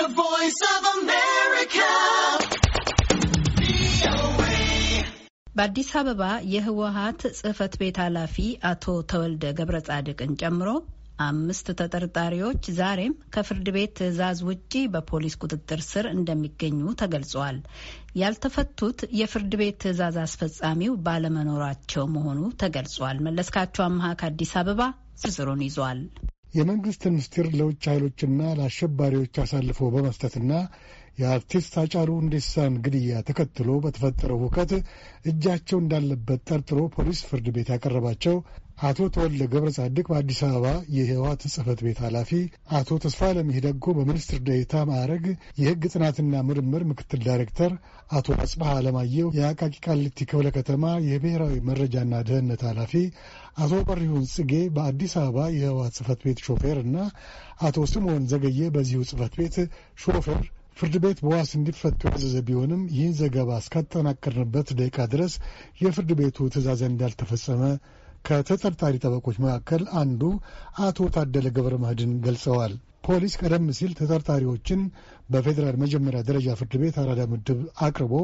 The Voice of America. በአዲስ አበባ የህወሀት ጽህፈት ቤት ኃላፊ አቶ ተወልደ ገብረ ጻድቅን ጨምሮ አምስት ተጠርጣሪዎች ዛሬም ከፍርድ ቤት ትዕዛዝ ውጪ በፖሊስ ቁጥጥር ስር እንደሚገኙ ተገልጿል። ያልተፈቱት የፍርድ ቤት ትዕዛዝ አስፈጻሚው ባለመኖራቸው መሆኑ ተገልጿል። መለስካቸው አምሃ ከአዲስ አበባ ዝርዝሩን ይዟል። የመንግሥትን ምስጢር ለውጭ ኃይሎችና ለአሸባሪዎች አሳልፎ በመስጠትና የአርቲስት ሃጫሉ ሁንዴሳን ግድያ ተከትሎ በተፈጠረው ሁከት እጃቸው እንዳለበት ጠርጥሮ ፖሊስ ፍርድ ቤት ያቀረባቸው አቶ ተወልደ ገብረ ጻድቅ በአዲስ አበባ የህወሓት ጽህፈት ቤት ኃላፊ፣ አቶ ተስፋለም ደጎ በሚኒስትር ዴኤታ ማዕረግ የህግ ጥናትና ምርምር ምክትል ዳይሬክተር፣ አቶ አጽባህ አለማየሁ የአቃቂ ቃሊቲ ክፍለ ከተማ የብሔራዊ መረጃና ደህንነት ኃላፊ፣ አቶ በሪሁን ጽጌ በአዲስ አበባ የህወሓት ጽህፈት ቤት ሾፌር እና አቶ ስምዖን ዘገየ በዚሁ ጽህፈት ቤት ሾፌር ፍርድ ቤት በዋስ እንዲፈቱ ያዘዘ ቢሆንም ይህን ዘገባ እስካጠናቀርንበት ደቂቃ ድረስ የፍርድ ቤቱ ትዕዛዝ እንዳልተፈጸመ ከተጠርጣሪ ጠበቆች መካከል አንዱ አቶ ታደለ ገብረ መድህን ገልጸዋል። ፖሊስ ቀደም ሲል ተጠርጣሪዎችን በፌዴራል መጀመሪያ ደረጃ ፍርድ ቤት አራዳ ምድብ አቅርቦ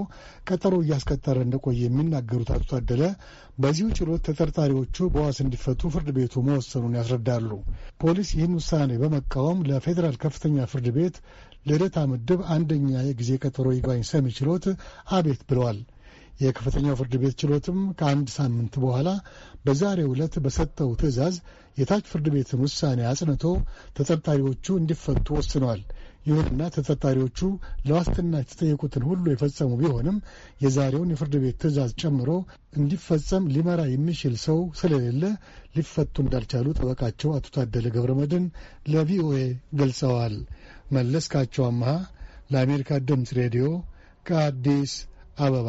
ቀጠሮ እያስቀጠረ እንደቆየ የሚናገሩት አቶ ታደለ በዚሁ ችሎት ተጠርጣሪዎቹ በዋስ እንዲፈቱ ፍርድ ቤቱ መወሰኑን ያስረዳሉ። ፖሊስ ይህን ውሳኔ በመቃወም ለፌዴራል ከፍተኛ ፍርድ ቤት ልደታ ምድብ አንደኛ የጊዜ ቀጠሮ ይግባኝ ሰሚ ችሎት አቤት ብለዋል። የከፍተኛው ፍርድ ቤት ችሎትም ከአንድ ሳምንት በኋላ በዛሬ ዕለት በሰጠው ትዕዛዝ የታች ፍርድ ቤትን ውሳኔ አጽንቶ ተጠርጣሪዎቹ እንዲፈቱ ወስነዋል። ይሁንና ተጠርጣሪዎቹ ለዋስትና የተጠየቁትን ሁሉ የፈጸሙ ቢሆንም የዛሬውን የፍርድ ቤት ትዕዛዝ ጨምሮ እንዲፈጸም ሊመራ የሚችል ሰው ስለሌለ ሊፈቱ እንዳልቻሉ ጠበቃቸው አቶ ታደለ ገብረ መድን ለቪኦኤ ገልጸዋል። መለስካቸው አምሃ ለአሜሪካ ድምፅ ሬዲዮ ከአዲስ አበባ